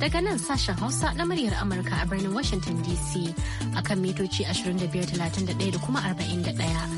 daga nan sashen Hausa na muryar Amurka a birnin Washington DC akan mitoci 2531 da kuma 41.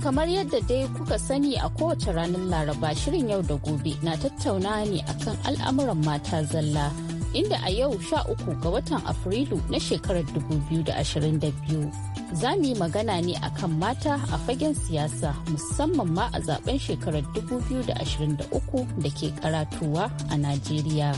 kamar yadda dai kuka sani a kowace ranar Laraba shirin yau da gobe na tattauna ne akan al'amuran mata zalla. Inda a yau sha uku ga watan Afrilu na shekarar 2022 za mu yi magana ne akan mata a fagen siyasa musamman ma a zaben shekarar 2023 da ke karatuwa a Najeriya.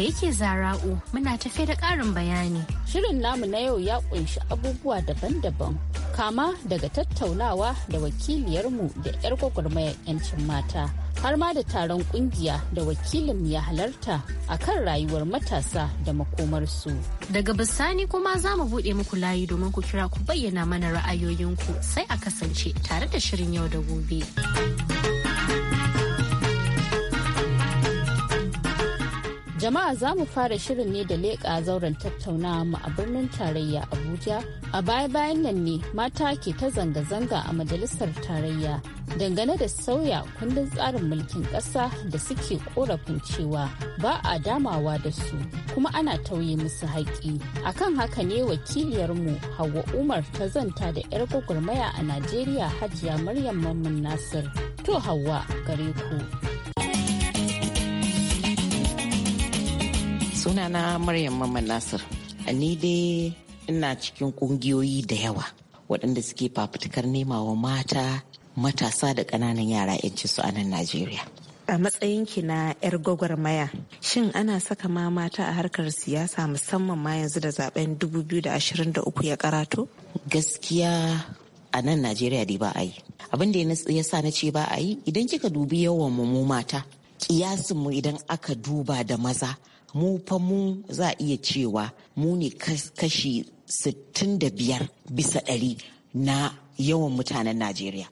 Haka yake zara'u muna tafe da ƙarin bayani. Shirin namu na yau ya ƙunshi abubuwa daban-daban. Kama daga tattaunawa da wakiliyarmu da 'yar gwagwarmayar 'yancin mata. Har ma da taron kungiya da wakilin ya halarta a kan rayuwar matasa da makomarsu. Daga bisani kuma za mu buɗe muku layi domin ku kira ku bayyana mana ra'ayoyinku sai a kasance tare da shirin yau da gobe. Jama'a za mu fara shirin ne da leƙa zauren tattaunawa mu a birnin tarayya Abuja. A baya-bayan nan ne mata ke ta zanga-zanga a majalisar tarayya dangane da sauya kundin tsarin mulkin ƙasa da suke korafin cewa ba a damawa da su kuma ana tauye musu haƙƙi. Akan haka ne wakiliyarmu hawa Umar ta zanta da 'yar gwagwarmaya a Najeriya Hajiya Maryam Mamman Nasir. To hawa gare ku. sunana maryam mamman nasir ni dai ina cikin kungiyoyi da yawa waɗanda suke fafutukar nema wa mata matasa da ƙananan yara 'yanci su a nan najeriya a matsayinki na 'yar gwagwarmaya shin ana saka ma mata a harkar siyasa musamman ma yanzu da zaben 2023 ya karato gaskiya a nan najeriya dai ba a yi abinda ya sa na ce ba a yi idan kika dubi yawan mu mata kiyasin mu idan aka duba da maza mu fa mu za a iya cewa mu ne kashi 65 bisa ɗari na yawan mutanen Najeriya.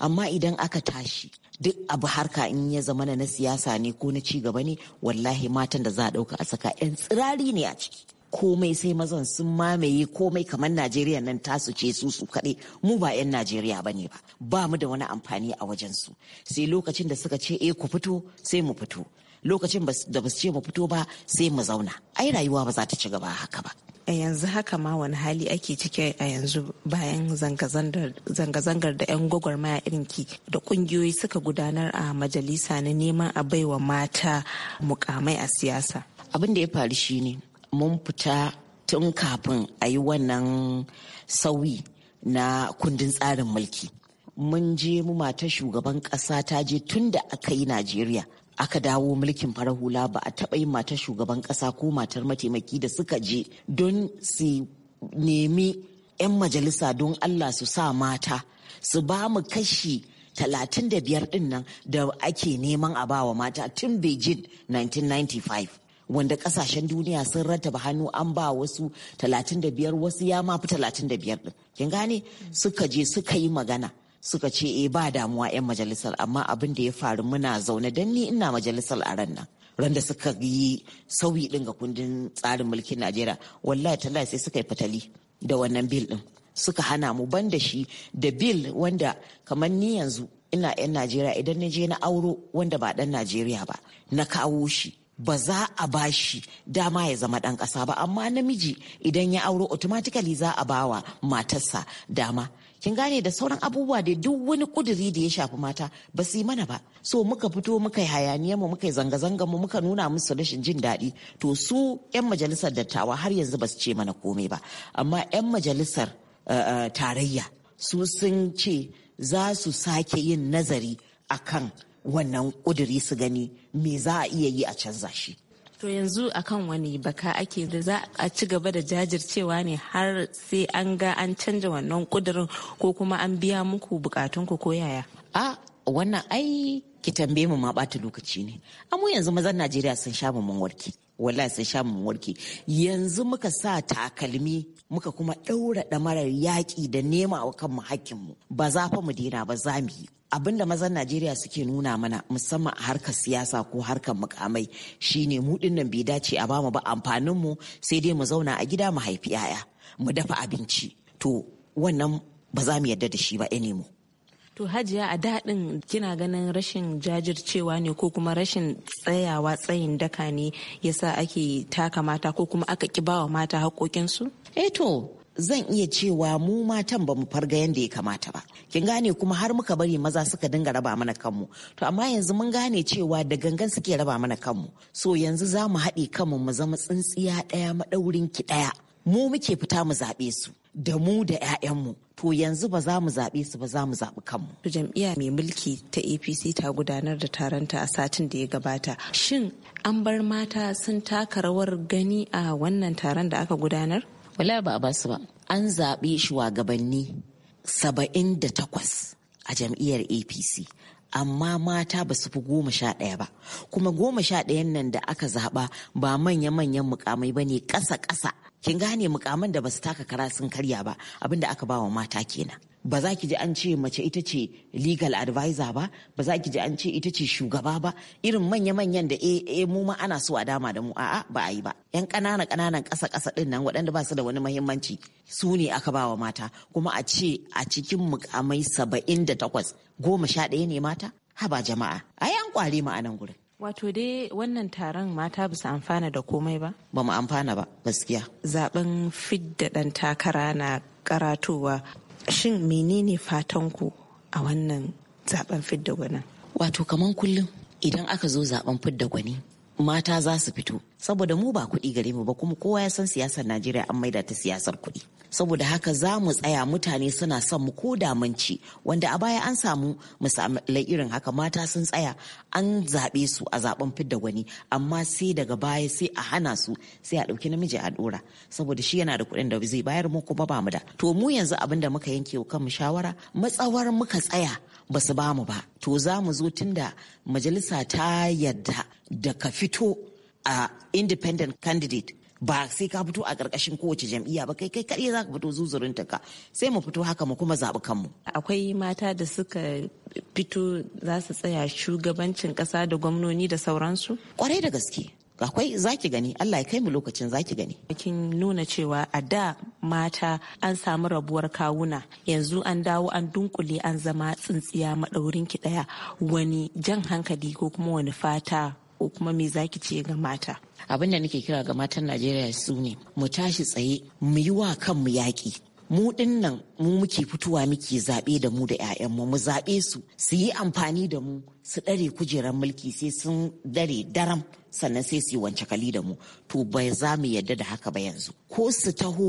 Amma idan aka tashi duk abu harka in ya zama na siyasa ne ko na ci gaba ne wallahi matan da za a ɗauka a saka 'yan tsirari ne a ciki. komai sai mazan sun mamaye komai kamar Najeriya nan tasu ce su su kaɗai mu ba 'yan Najeriya ba ne ba ba mu da wani amfani a wajen su sai lokacin da suka ce e ku fito sai mu fito lokacin da ba su ce mu fito ba sai mu zauna ai rayuwa ba za ta ci gaba haka ba a yanzu haka ma wani hali ake ciki a yanzu bayan zanga-zangar da 'yan gwagwarmaya irinki da kungiyoyi suka gudanar a majalisa na neman a baiwa mata mukamai a siyasa abin da ya faru shi ne mun fita tun kafin a yi wannan sauyi na kundin tsarin mulki mun je mu mata shugaban ƙasa ta je tun da aka yi najeriya aka dawo mulkin farar hula ba a taɓa yin matar shugaban ƙasa ko matar mataimaki da suka je don su nemi 'yan majalisa don Allah su sa mata su ba mu kashi talatin da ɗin nan da ake neman a bawa mata tun Beijing 1995 wanda kasashen duniya sun rattaba hannu an ba wasu 35 wasu ya mafi 35 ɗin kin gane suka je suka yi magana suka ce eh ba damuwa 'yan majalisar amma abin da ya faru muna zaune don ni ina majalisar a ran nan ran suka yi sauyi din ga kundin tsarin mulkin najeriya wallahi ta sai suka yi fatali da wannan bil din suka hana mu ban da shi da bil wanda kamar ni yanzu ina 'yan najeriya idan na je na auro wanda ba dan najeriya ba na kawo shi ba za a ba shi dama ya zama dan kasa ba amma namiji idan ya auro automatically za a bawa matarsa dama kin gane da sauran abubuwa da duk wani kuduri da ya shafi mata ba su yi mana ba so muka fito muka yi hayaniyar mu muka yi zanga-zanga mu muka nuna musu rashin jin daɗi to su 'yan majalisar dattawa har yanzu ba su ce mana komai ba amma 'yan majalisar eh, eh, tarayya su sun ce za su sake yin nazari akan wannan kuduri su gani me za a iya yi a canza shi To yanzu akan wani baka ake da za a ci gaba da jajircewa ne har sai an ga an canja wannan kudurin ko kuma an biya muku bukatun ko yaya? A wannan ai ki tambaye mu ma bata lokaci ne. Amma yanzu mazan Najeriya sun sha mun warki. Wallahi sun sha mun warki. Yanzu muka sa takalmi muka kuma ɗaura ɗamarar yaƙi da nema wa kanmu hakkinmu. Ba za fa mu dina ba za mu yi. abin da mazan najeriya suke nuna mana musamman harkar siyasa ko harkar mukamai shine mu dinnan bai dace a bamu ba amfanin mu sai dai mu zauna a gida mu haifi yaya mu dafa abinci to wannan ba za mu yarda da shi ba enemu To hajiya a daɗin kina ganin rashin jajircewa ne ko kuma rashin tsayawa tsayin daka ne yasa ake taka mata ko kuma aka ƙi bawa mata haƙoƙinsu? Eh to zan iya cewa mu matan ba mu farga yadda ya kamata ba kin gane kuma har muka bari maza suka dinga raba mana kanmu to amma yanzu mun gane cewa da gangan suke raba mana kanmu so yanzu za mu haɗe kanmu mu zama tsintsiya ɗaya maɗaurin ki ɗaya mu muke fita mu zaɓe su da mu da 'ya'yanmu to yanzu ba za mu zaɓe su ba za mu zaɓi kanmu. jam'iyya mai mulki ta apc ta gudanar da taronta a satin da ya gabata shin an bar mata sun taka rawar gani a wannan taron da aka gudanar? wala ba a basu ba an zaɓe shugabanni saba'in da takwas a jam'iyyar apc amma mata ba su fi goma sha ɗaya ba kuma goma sha ɗayan nan da aka zaɓa ba manya-manyan mukamai ba ne ƙasa-ƙasa kin gane mukaman da basu taka kara sun karya ba abinda aka bawa mata kenan ba za ki ji an ce mace ita ce legal advisor ba ba za ki ji an ce ita ce shugaba ba irin manya-manyan da eh, eh mu ma ana so a dama da mu a'a ba a yi ba yan kanana kananan kasa kasa din nan waɗanda ba su da wani mahimmanci su ne aka bawa mata kuma a ce a cikin mukamai saba'in da takwas goma sha ɗaya ne mata haba jama'a a yan kware ma a nan gurin Wato dai wannan taron mata bisa amfana da komai ba? Ba mu amfana ba gaskiya. Zaben fidda ɗan takara na karatowa. Shin menene fatan ku a wannan zaben fidda gwanin? Wato kaman kullum idan aka zo zaben fidda gwani mata za su fito saboda mu ba kuɗi gare mu ba kuma kowa ya san siyasar Najeriya an maida ta siyasar kuɗi saboda haka za mu tsaya mutane suna son mu ko damanci wanda a baya an samu misalai irin haka mata sun tsaya an zaɓe su a zaben fidda gwani amma sai daga baya sai a hana su sai a ɗauki namiji a ɗora saboda shi yana da kuɗin da zai bayar mu kuma ba mu da to mu yanzu abin da muka yanke wa kanmu shawara matsawar muka tsaya ba su ba mu ba to za mu zo da majalisa ta yadda da ka fito a independent candidate ba sai ka fito a ƙarƙashin kowace jam'iyya ba kai kai kaɗai za ka fito zuzurinta ka sai mu fito haka mu kuma zaɓi kanmu. akwai mata da suka fito za su tsaya shugabancin ƙasa da gwamnoni da sauransu? kwarai da gaske akwai zaki gani Allah ya kai mu lokacin zaki gani kin nuna cewa a da mata an samu rabuwar kawuna yanzu an dawo an dunkule an zama tsintsiya madaurin ki daya wani jan hankali ko kuma wani fata ko kuma me zaki ce ga mata abin da nake kira ga matan Najeriya su ne mu tashi tsaye mu yi wa kanmu yaƙi mu din nan mu muke fitowa muke zaɓe da mu da 'ya'yanmu mu mu zaɓe su su yi amfani da mu su ɗare kujeran mulki sai sun dare daram sannan sai su yi wance kali da mu to bai za mu yadda da haka ba yanzu ko su taho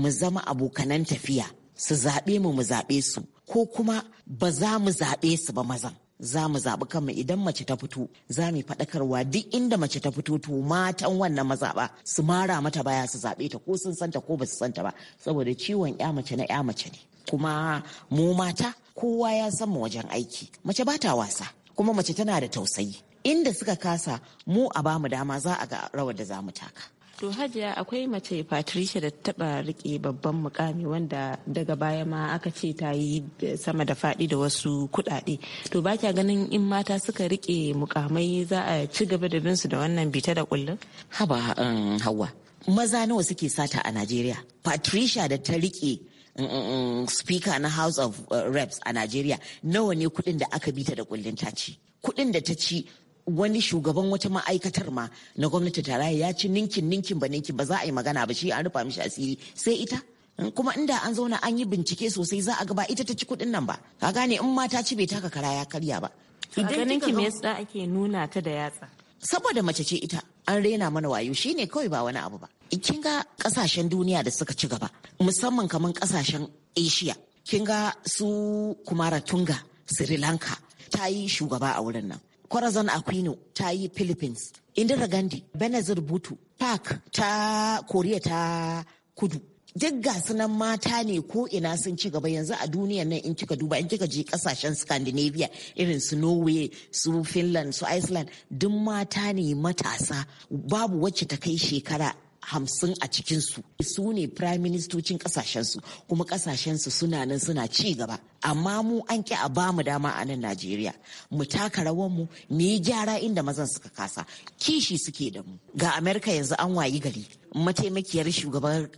mu zama abokanan tafiya su zaɓe mu mu zaɓe su ko kuma ba za mu zaɓe su ba mazan za mu zaɓi kanmu idan mace ta fito za mu faɗakarwa duk inda mace ta fito to matan wannan mazaɓa su mara mata baya su zaɓe ta ko sun santa ko ba su santa ba saboda ciwon ya mace na ya mace ne kuma mu mata kowa ya san mu wajen aiki mace ba ta wasa kuma mace tana da tausayi inda suka kasa mu a bamu dama za a ga rawar da za mu taka To Hajiya akwai mace Patricia da taba rike babban mukami wanda daga baya ma aka ce ta yi sama da faɗi da wasu kuɗaɗe. To ba kya ganin in mata suka rike mukamai za a ci gaba da binsu da wannan bita da kullum? Haba um, hawa. Maza nawa suke sata a Najeriya. Patricia da ta rike um, um, speaker na House of uh, Reps a Najeriya nawa ne kuɗin da aka bita da kullum ta ci. Kuɗin da ta ci wani shugaban wata ma'aikatar ma na gwamnati tarayya ya ci ninkin ninkin ba ninkin ba za a yi magana ba shi an rufa mishi asiri sai ita kuma inda an zauna an yi bincike sosai za a gaba ita ta ci kuɗin nan ba ka gane in mata ci bai taka kara ya karya ba idan ninki me yasa ake nuna ta da yatsa saboda mace ce ita an rena mana wayo ne kawai ba wani abu ba kin ga kasashen duniya da suka ci gaba musamman kamar kasashen asia kin ga su kumara tunga sri lanka ta yi shugaba a wurin nan Corazon Aquino ta yi Philippines, Indira Gandhi, Benazir Bhutto, Park ta Koriya ta Kudu. Duk ga sunan mata ne ko ina sun ci gaba yanzu a duniyan nan in kika duba in kika je kasashen Scandinavia irin su Norway, su Finland, su Iceland, duk mata ne matasa babu wacce ta kai shekara hamsin a cikinsu su ne prime ministocin kasashensu kuma kasashensu suna nan suna ci gaba amma mu an ki a ba mu dama a nan najeriya mu taka rawanmu mu yi gyara inda mazan suka kasa kishi suke da mu ga amerika yanzu an wayi gari mataimakiyar shugaban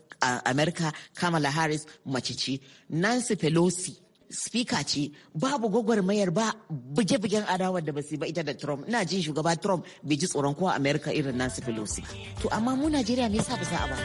amerika kamala harris mace ce nancy pelosi spika ce babu gwagwarmayar ba buge-bugen adawar da ba ba ita da Trump ina jin shugaba Trump bai ji tsoron kowa America irin Nancy Pelosi to amma mu Najeriya me sa ba za a ba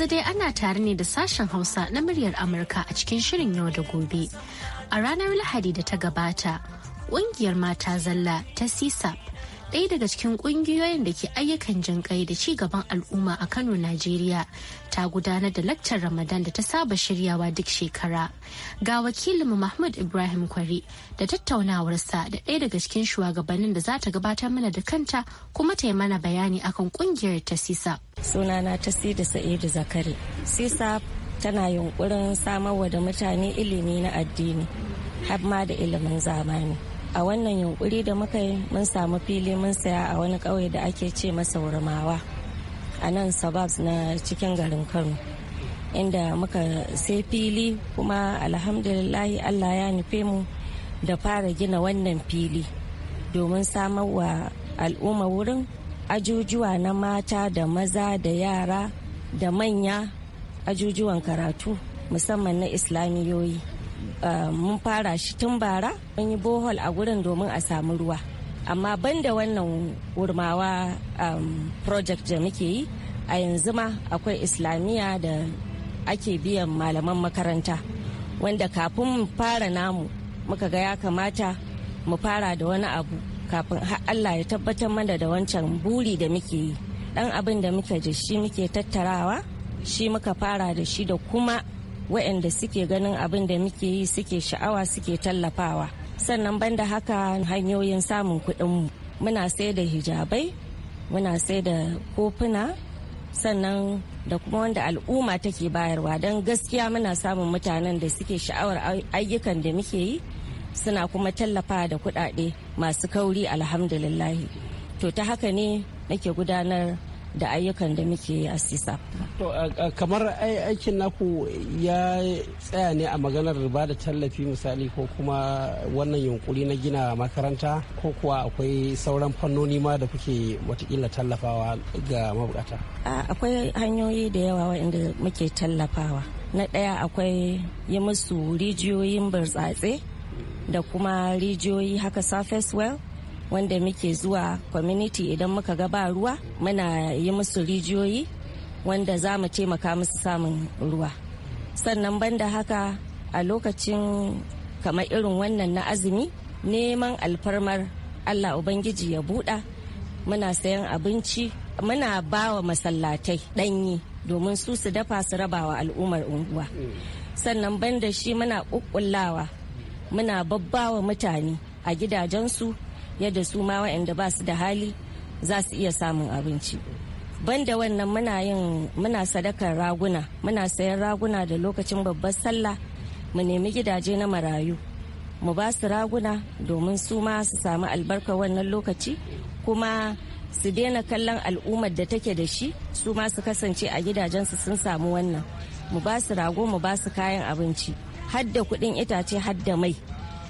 yanzu dai ana tare ne da sashen Hausa na muryar Amurka a cikin shirin yau da gobe. A ranar Lahadi da ta gabata, ƙungiyar mata zalla ta Sisa ɗaya daga cikin ƙungiyoyin da ke ayyukan jinƙai da ci gaban al'umma a Kano, Najeriya, ta gudanar da laccar Ramadan da ta saba shiryawa duk shekara. Ga wakilinmu Mahmud Ibrahim Kwari da tattaunawarsa da ɗaya daga cikin shugabannin da za ta gabatar mana da kanta kuma ta yi mana bayani akan ƙungiyar ta Sisa. Sunana ta Sida Sa'idu Zakari. Sisa tana yunkurin samarwa da mutane ilimi na addini har ma da ilimin zamani. a wannan yunkuri da muka yi mun samu fili mun saya a wani ƙauye da ake ce masa wurmawa a nan sabab na cikin garin kano inda muka sai fili kuma alhamdulillahi allah ya nufe mu da fara gina wannan fili domin samar wa al'umma wurin ajujuwa na mata da maza da yara da manya ajujuwan karatu musamman na islamiyoyi Eh, mun fara shi tun bara mun yi bohol a gurin domin a samu ruwa amma ban da wannan wurmawa um, project da muke yi a yanzu ma akwai islamiyya da ake biyan malaman makaranta wanda kafin mu fara namu muka ga ya kamata mu fara da wani abu kafin allah ya tabbatar mana da wancan buri da muke yi dan abin da muke ji shi muke tattarawa shi muka fara da shi da kuma waɗanda suke ganin abin da muke yi suke sha'awa suke tallafawa sannan banda haka hanyoyin samun kuɗinmu muna sai da hijabai muna sai da kofuna sannan da kuma wanda al'umma take bayarwa don gaskiya muna samun mutanen da suke sha'awar ayyukan da muke yi suna kuma tallafa da kuɗaɗe masu kauri alhamdulillahi to ta haka ne nake gudanar da ayyukan da muke yi a sisa. kamar aikin naku ya tsaya ne a maganar ba da tallafi misali ko kuma wannan yunkuri na gina makaranta ko kuwa akwai sauran fannoni ma da kuke watakila tallafawa ga mabukata akwai hanyoyi da yawa waɗanda muke tallafawa na ɗaya akwai yi musu rijiyoyin burtsatse da kuma rijiyoyi haka surface well wanda muke zuwa community idan muka ga ba ruwa muna yi musu rijiyoyi wanda za mu taimaka musu samun ruwa sannan banda haka a lokacin kamar irin wannan na azumi neman alfarmar allah ubangiji ya buɗa muna sayan abinci muna ba wa masallatai ɗanyi domin su su dafa su rabawa al'ummar unguwa sannan banda shi muna ƙuƙƙullawa muna babbawa mutane a gidajensu yadda su ma waɗanda ba su da hali za su iya samun abinci banda wannan muna yin muna sadakar raguna muna sayan raguna da lokacin babbar sallah mu nemi gidaje na marayu mu ba su raguna domin su ma su samu albarka wannan lokaci kuma su daina kallon al'ummar da take da shi su ma su kasance a gidajensu sun samu wannan mu ba su rago mu ba su kayan abinci Hadda da kuɗin itace hadda mai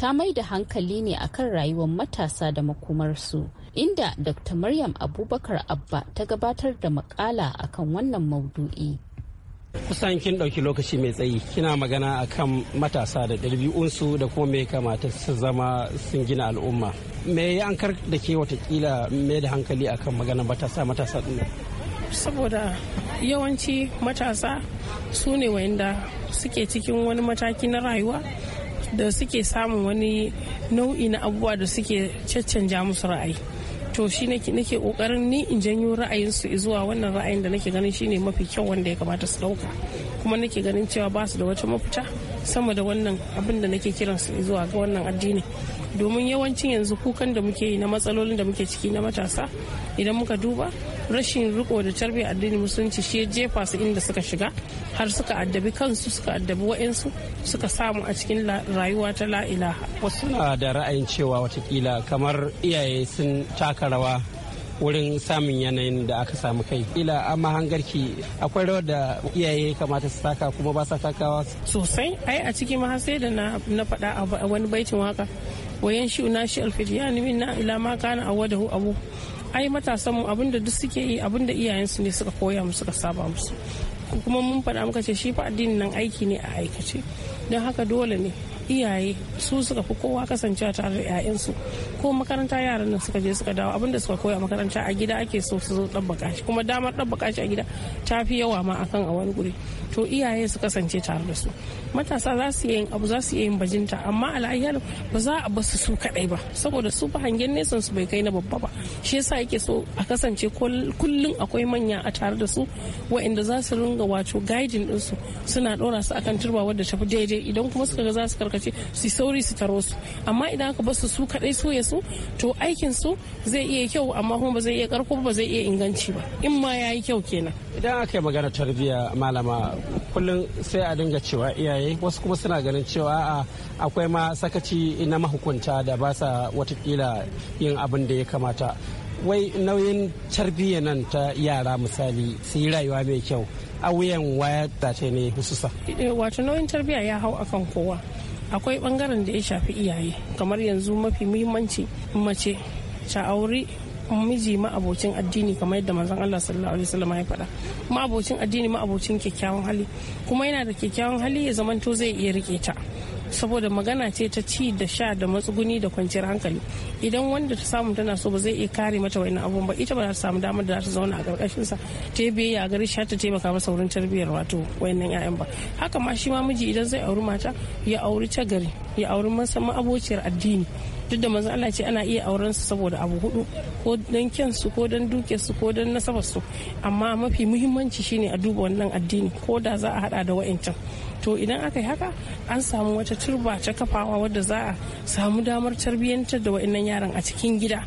ta mai da hankali ne akan rayuwar matasa da makomarsu inda dr maryam abubakar abba ta gabatar da makala akan wannan maudu'i kusan kin ɗauki lokaci mai tsayi kina magana akan matasa da ɗabi'unsu da kuma me kamata su zama sun gina al'umma me ya ankar da ke watakila mai da hankali akan magana matasa matasa ɗin saboda yawanci matasa su ne wanda suke cikin wani mataki na rayuwa da suke samun wani nau'i na abubuwa da suke caccanja musu ra'ayi to shi nake kokarin ni in janyo ra'ayinsu zuwa wannan ra'ayin da nake ganin shine mafi kyau wanda ya kamata su dauka kuma nake ganin cewa ba su da wata mafita sama da wannan abin da nake kiran su zuwa ga wannan addini domin yawancin yanzu kukan da muke yi na matsalolin da muke ciki na matasa idan muka duba rashin riko da tarbiyyar addini musulunci shi ya jefa su inda suka shiga har suka addabi kansu suka addabi wa'insu suka samu a cikin rayuwa ta la'ilaha wasu na da ra'ayin cewa watakila kamar iyaye sun taka rawa wurin samun yanayin da aka samu kai ila amma hangarki akwai rawar da iyaye kamata su taka kuma ba sa takawa sosai ai a cikin ma da na faɗa a wani baitin waka wayan shi na shi alfidiya ni na ila ma kana awadahu abu ai matasan mu abinda duk suke yi abinda iyayensu ne suka koya musu suka saba musu kuma mun faɗa muka ce shi fa addinin nan aiki ne a aikace don haka dole ne iyaye su suka fi kowa kasancewa tare da 'ya'yansu ko makaranta yaran nan suka je suka dawo abinda suka koya makaranta a gida ake so su zo ɗabbaka shi kuma damar ɗabbaka shi a gida ta fi yawa ma akan a wani guri to iyaye su kasance tare da su matasa za su yin abu za su yin bajinta amma al'ayyar ba za a basu su kadai ba saboda su ba hangen nesan su bai kai na babba ba shi yasa yake so a kasance kullum akwai manya a tare da su wa'inda za su ringa wato guiding su suna dora su akan turba wadda tafi daidai idan kuma suka ga za su karkace su sauri su taro su amma idan aka basu su kadai su ya su to aikin su zai iya kyau amma kuma ba zai iya karko ba zai iya inganci ba in ma ya yi kyau kenan idan aka yi magana tarbiyya malama kullum sai a dinga cewa iyaye wasu kuma suna ganin cewa a akwai ma sakaci na mahukunta da ba sa watakila yin abin da ya kamata wai nauyin tarbiyya nan ta yara misali su yi rayuwa mai kyau a wuyan waya ta ne hususa eh, wato nauyin tarbiyya ya hau akan kowa akwai bangaren da ya shafi iyaye kamar yanzu mafi muhimmanci mace ta auri miji ma'abocin addini kamar yadda manzon Allah sallallahu alaihi wasallam ya faɗa ma'abocin addini ma'abocin kyakkyawan hali kuma yana da kyakkyawan hali ya zamanto zai iya rike ta saboda magana ce ta ci da sha da matsuguni da kwanciyar hankali idan wanda ta samu tana so ba zai iya kare mata wani abun ba ita ba za ta samu damar da za ta zauna a karkashin sa ta yi a gari sha ta taimaka masa wurin tarbiyyar wato wayannan 'ya'yan ba haka ma shi ma miji idan zai auri mata ya auri ta gari ya auri masa ma'abociyar addini duk da manzo Allah ce ana iya auren su saboda abu hudu ko dan kyansu ko dan dukensu ko dan nasabarsu amma mafi muhimmanci shine a duba wannan addini ko da za a hada da wa'ancan to idan aka yi haka an samu wata turba kafawa wadda za a samu damar tarbiyyanta da wa'annan yaran a cikin gida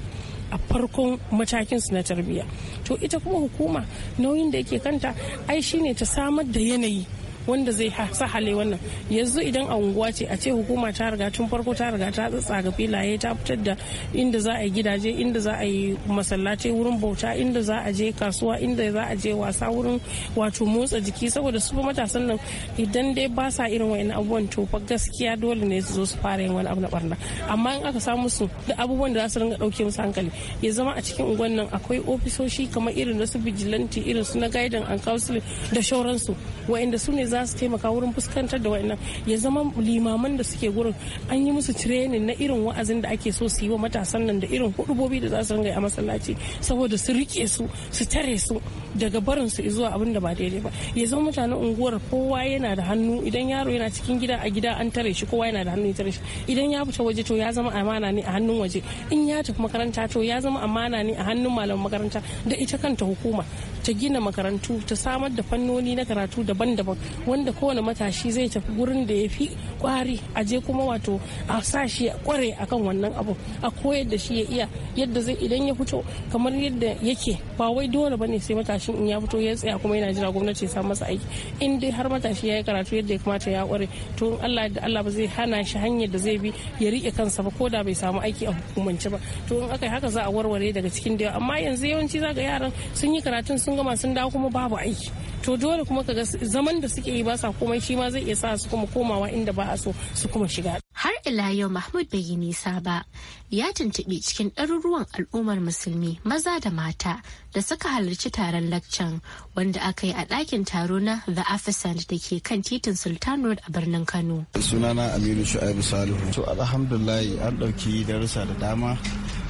a farkon matakin su na tarbiyya to ita kuma hukuma nauyin da yake kanta ai shine ta samar da yanayi wanda zai sa hale wannan yanzu idan a unguwa ce a ce hukuma ta riga tun farko ta riga ta ga filaye ta fitar da inda za a yi gidaje inda za a yi masallatai wurin bauta inda za a je kasuwa inda za a je wasa wurin wato motsa jiki saboda su matasan nan idan dai ba sa irin wa'in abubuwan to fa gaskiya dole ne su zo su fara yin wani abu na barna amma in aka samu su da abubuwan da za su ringa dauke musu hankali ya zama a cikin unguwan nan akwai ofisoshi kamar irin na su vigilante irin su na gaidan and counseling da shauransu wa'inda su ne za su taimaka wurin fuskantar da wannan ya zama limaman da suke gurin an yi musu training na irin wa'azin da ake so su yi wa matasan nan da irin hudubobi da za su ringa a masallaci saboda su rike su su tare su daga barin su zuwa abin da ba daidai ba ya zama mutanen unguwar kowa yana da hannu idan yaro yana cikin gida a gida an tare shi kowa yana da hannu ya tare shi idan ya fita waje to ya zama amana ne a hannun waje in ya tafi makaranta to ya zama amana ne a hannun malaman makaranta da ita kanta hukuma ta gina makarantu ta samar da fannoni na karatu daban-daban wanda kowane matashi zai tafi gurin da ya fi kwari a je kuma wato a sa shi kware akan wannan abu a koyar da shi ya iya yadda zai idan ya fito kamar yadda yake ba wai dole bane sai matashi matashin in ya fito ya tsaya kuma yana jira gwamnati ya samu masa aiki in dai har matashi ya yi karatu yadda ya kamata ya kware to Allah da Allah ba zai hana shi hanyar da zai bi ya rike kansa ba ko da bai samu aiki a hukumance ba to in aka yi haka za a warware daga cikin da amma yanzu yawanci ga yaran sun yi karatun sun gama sun dawo kuma babu aiki to dole kuma ka ga zaman da suke yi ba sa komai shi ma zai iya sa su kuma komawa inda ba a so su kuma shiga ila yau Mahmud bai yi nisa ba, ya tuntuɓi cikin ɗaruruwan al'ummar musulmi maza da mata da suka halarci taron laccan wanda aka yi a ɗakin taro na The Afisant da ke kan titin Sultan Road a birnin Kano. Sunana Aminu Shu'aibu Salihu. To alhamdulillah an ɗauki darussa da dama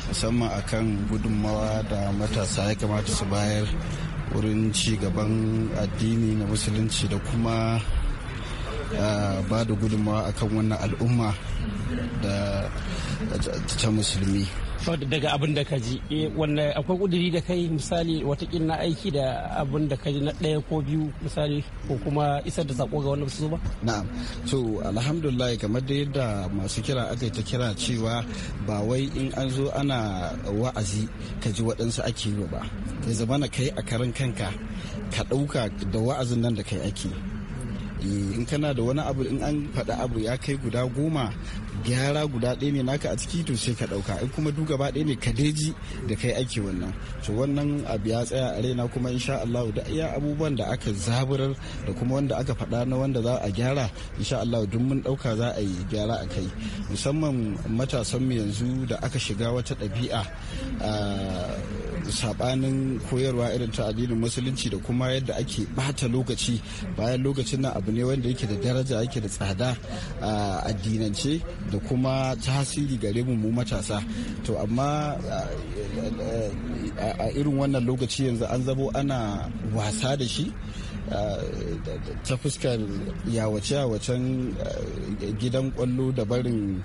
musamman akan gudunmawa da matasa ya kamata su bayar wurin ci gaban addini na musulunci da kuma ba da gudunmawa akan wannan al'umma da ta musulmi daga abin da ka ji eh, wanda akwai kuduri da kai misali watakila na aiki da abin da ka ji na ɗaya ko biyu misali ko kuma isar da sako ga wanda su ba na'am so alhamdulillah kamar da yadda masu kira aka ta kira cewa ba wai in an zo ana wa'azi ka ji waɗansu ake yi ba ya zama na kai a karan kanka ka ɗauka da wa'azin nan da kai ake Mm, in kana da wani abu in an faɗa abu ya kai guda goma gyara guda ɗaya ne naka a ciki to sai ka ɗauka in kuma duk gaba ɗaya ne ka deji da kai aiki wannan to wannan abu ya tsaya a raina kuma insha Allah da iya abubuwan da aka zaburar da kuma wanda aka faɗa na wanda za a gyara insha Allah duk mun ɗauka za a yi gyara a kai musamman matasan mu yanzu da aka shiga wata ɗabi'a ah, sabanin koyarwa irin ta addinin musulunci da kuma yadda ake bata lokaci bayan lokacin nan abu ne wanda yake da daraja yake da tsada a addinance da kuma tasiri gare mu mu matasa to amma a irin wannan lokaci yanzu an zabo ana wasa da shi ta fuskar yawace yawacen gidan kwallo da barin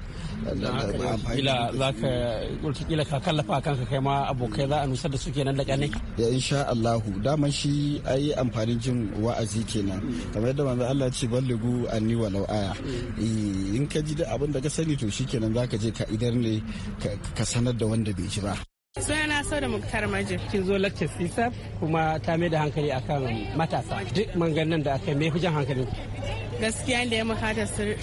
kila ka kallafa kanka kai ma abokai za a nusar da su kenan da kane ya sha Allahu daman shi amfanin jin wa'azi kenan kamar yadda manzo Allah ce balligu anni walau aya eh, in ka ji da abin da ka sani to shikenan zaka je ka idar ne ka sanar da wanda bai ji ba suna so da Muktar Maje. Kin zo lakcin sisa e kuma ta mai da hankali akan matasa. Duk manganin da aka mai hujan hankali. Gaskiya da ya mu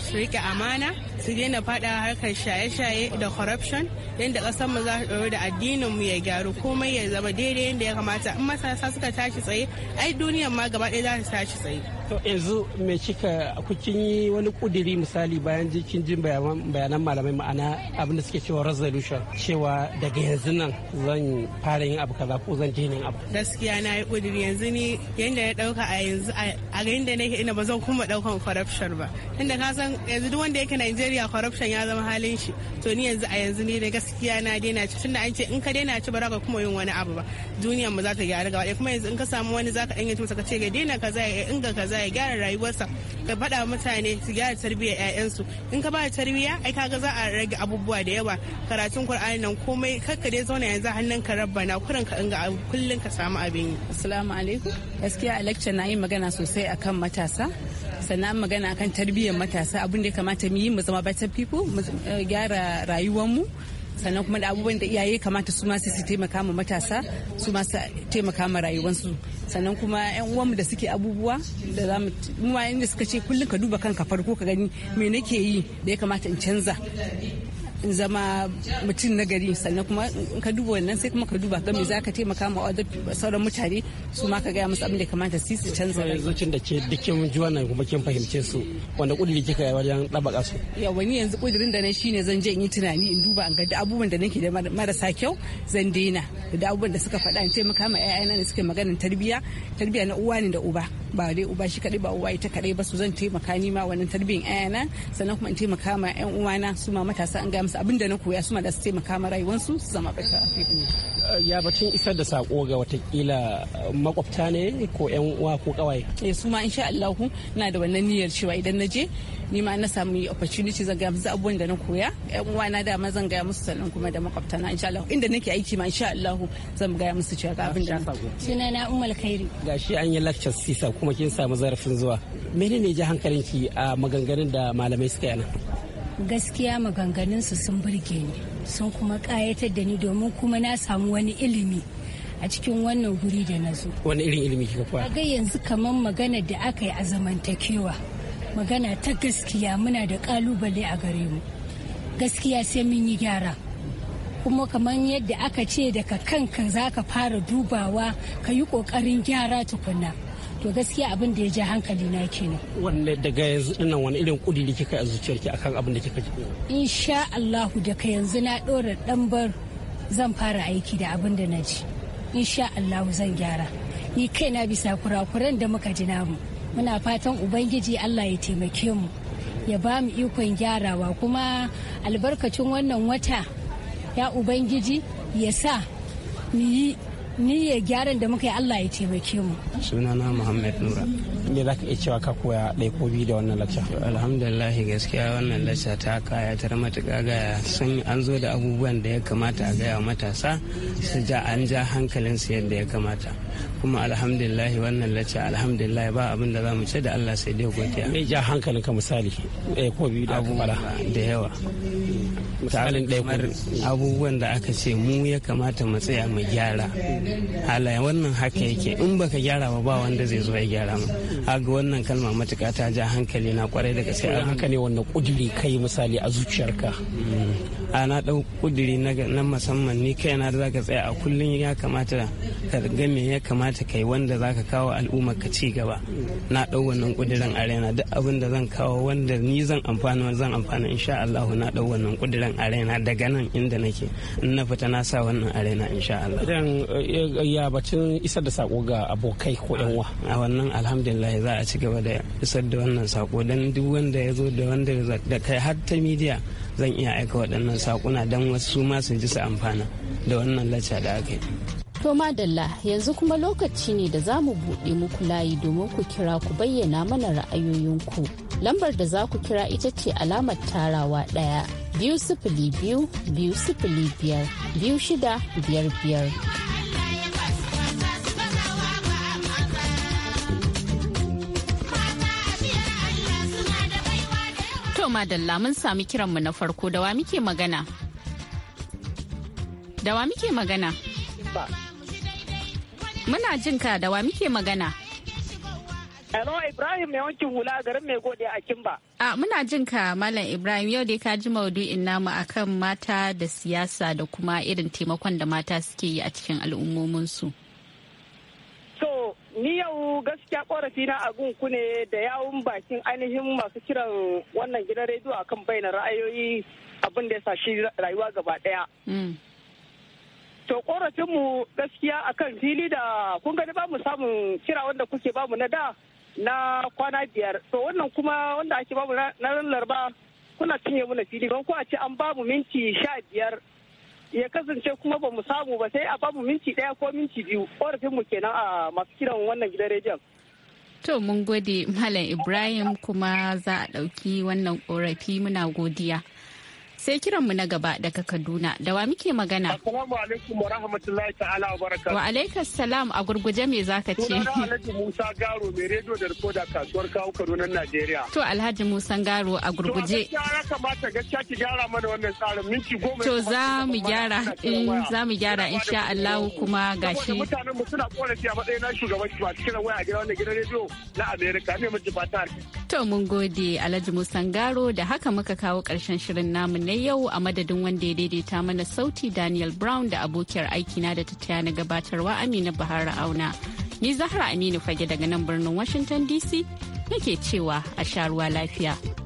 su rike amana su daina faɗa harkar shaye-shaye da corruption yadda kasar mu za ta da addinin mu ya gyaru komai ya zama daidai yadda ya kamata in matasa suka tashi tsaye ai duniyar ma gaba ɗaya za ta tashi tsaye. to yanzu me kika kukin yi wani kudiri misali bayan jikin jin bayanan malamai ma'ana abinda suke cewa resolution cewa daga yanzu nan zan fara yin abu kaza ko zan daina abu. gaskiya na yi kudiri yanzu ni yadda ya ɗauka a yanzu a yadda nake ina ba zan kuma ɗaukan corruption ba tunda ka san yanzu duk wanda yake Najeriya ya corruption ya zama halin shi to ni yanzu a yanzu ne da gaskiya na daina ci tunda an ce in ka daina ci ba za ka kuma yin wani abu ba duniyar mu za ta gyara gaba kuma yanzu in ka samu wani za zaka dan yi ka ce ga daina kaza ya inga kaza ya gyara rayuwarsa ka faɗa mutane su gyara tarbiyyar ƴaƴansu in ka ba tarbiyya ai ka ga za a rage abubuwa da yawa karatun Qur'ani nan komai ka dai zauna yanzu hannun ka rabba na kurin ka inga kullun ka samu abin yi assalamu alaikum gaskiya a lecture na yi magana sosai akan matasa sannan magana akan tarbiyyar matasa abin da ya kamata mu yi mu zama better people mu eh, gyara rayuwarmu sannan kuma da abubuwan da iyaye kamata su ma su taimaka ma matasa su ma su taimaka ma rayuwarsu sannan kuma yan uwanmu da suke abubuwa da za mu mu inda suka ce kullum ka duba kanka farko ka gani me nake yi da ya kamata in canza in zama mutum na gari sannan kuma in ka duba wannan sai kuma ka duba ga me za ka taimaka ma sauran mutane su ma ka gaya musu abin da kamata su su canza rai. Zucin da ke dukkan juwan nan kuma kin fahimce su wanda kudiri kika yi wajen ɗabaka su. Ya wani yanzu kudirin da na shi ne zan je in yi tunani in duba in ga da abubuwan da nake da marasa kyau zan daina da abubuwan da suka faɗa in taimaka ma 'ya'yana da suke maganin tarbiyya tarbiyya na uwa ne da uba ba dai uba shi kaɗai ba uwa ita kaɗai ba su zan taimaka ni ma wannan tarbiyyar 'ya'yana sannan kuma in taimaka ma 'yan uwana su ma matasa an gaya su abin da na koya su ma da su taimaka ma rayuwarsu su zama bata ya batun isar da sako ga watakila eh, makwabta ne ko yan uwa ko kawai eh su ma insha Allah na da wannan niyyar cewa idan na je ni ma na samu opportunity zan ga musu abubuwan da na koya yan uwa na ma zan ga musu sannan kuma da makwabta na insha Allah inda nake aiki ma insha Allah zan ga musu cewa ga abin da suna na ummul khairi gashi an yi lecture sisa kuma kin samu zarafin zuwa menene ji hankalinki a maganganun da malamai suka yana gaskiya maganganunsu sun burge ni sun kuma ƙayatar da ni domin kuma na samu wani ilimi a cikin wannan guri da na zo. Wani irin ilimi kika koya? Ga yanzu kamar magana da aka yi a zamantakewa. Magana ta gaskiya muna da kalubale a gare mu. Gaskiya sai mun yi gyara. Kuma kamar yadda aka ce daga kanka za ka fara dubawa ka yi ƙoƙarin gyara tukunna to gaskiya abin da ya ja hankali na ne. wanne daga yanzu dinnan wani irin kudi da kika a zuciyarki akan abin da kika ji insha Allah daga yanzu na dora bar zan fara aiki da abin da na ji insha Allah zan gyara ni kaina bisa kurakuran da muka ji namu muna fatan ubangiji Allah ya taimake mu ya ba mu ikon gyarawa kuma albarkacin wannan wata ya ubangiji ya sa mu yi ni ya gyaran da muka yi Allah ya taimake mu sunana Muhammad Nura me za ka iya cewa ka koya ɗaya ko biyu da wannan lacca. alhamdulillah gaskiya wannan lacca ta kayatar matuƙa gaya sun an zo da abubuwan da ya kamata a gaya matasa su ja an ja su yadda ya kamata kuma alhamdulillah wannan lacca alhamdulillah ba abin da za mu ce da Allah sai dai godiya. Me ja hankalin ka misali ɗaya ko biyu da abubuwa da yawa. Misalin ɗaya abubuwan da aka ce mu ya kamata mu tsaya mu gyara. Halayen wannan haka yake in baka gyara ba ba wanda zai zo ya gyara mu. haga wannan kalma matuƙa ta ja hankali na kwarai da gaske haka ne wannan kuduri kai misali a zuciyarka a na ɗau ƙudiri na musamman ni na da zaka tsaya a kullum ya kamata ka ga me ya kamata kai wanda zaka kawo al'umma ka ci gaba na ɗau wannan ƙudirin a raina duk abin da zan kawo wanda ni zan amfana zan amfana insha Allah na ɗau wannan ƙudirin a raina daga nan inda nake in na fita na sa wannan a raina insha Allah idan ya bacin isar da sako ga abokai ko yan uwa a wannan alhamdulillah za a ci gaba da isar da wannan sako dan duk wanda ya zo da wanda da kai har ta media zan iya aika waɗannan sakuna don wasu ma su ji su amfana da wannan lacca da aka yi. To Madalla yanzu kuma lokaci ne da za mu buɗe muku layi domin ku kira ku bayyana mana ra'ayoyinku. Lambar da za ku kira ita ce alamar tarawa ɗaya biyu sifili biyu biyu sifili biyar biyu shida biyar biyar. madalla mun sami kiranmu na farko da wa muke magana. Da wa muke magana? Muna jin ka da wa muke magana? Hello Ibrahim mai wankin hula garin mai gode a Kimba. A muna jin ka Malam Ibrahim yau dai ka ji maudu'in namu akan mata da siyasa da kuma irin taimakon da mata suke yi a cikin al'ummominsu. su. gaskiya korafi na a gunku ne da yawun bakin ainihin masu kiran wannan gidan rediyo akan bayyana ra'ayoyi abin da ya sashi rayuwa gaba daya. Mm. To korafinmu gaskiya akan fili da kun gani ba mu samun kira wanda kuke ba mu na da na kwana biyar. To wannan kuma wanda ake ba mu na ran larba kuna cinye mu na fili don kuwa ce an ba mu minti sha biyar ya kasance kuma ba mu samu ba sai a babu minti daya ko minti biyu korafin mu kenan a masu kiran wannan gidan rediyon. To mun gode Malam Ibrahim kuma za a ɗauki wannan ƙorafi muna godiya. Sai kiranmu na gaba daga Kaduna da wa muke magana. Assalamu alaikum wa rahmatullahi ta'ala wa barakatuh. Wa alaikum salam a gurguje me zaka ce? Sunana Alhaji Musa Garo mai rediyo da rikoda kasuwar kawo Kaduna Najeriya. To Alhaji Musa Garo a gurguje. To ya kamata gaskiya ki gyara mana wannan tsarin minti goma. To eh, za mu gyara in za mu gyara insha Allah kuma gashi. Mutanen mu suna korafi a matsayin na shugaban masu cikin waya a gidan wannan gidan rediyo na Amerika ne mu ji fata. To mun gode Alhaji Musa Garo da haka muka kawo karshen shirin namu ne yau a madadin wanda ya daidaita mana sauti Daniel Brown da abokiyar aikina da ta na gabatarwa Amina buhari Auna. Ni Zahra Aminu Fage daga nan birnin Washington DC nake cewa a sha ruwa lafiya.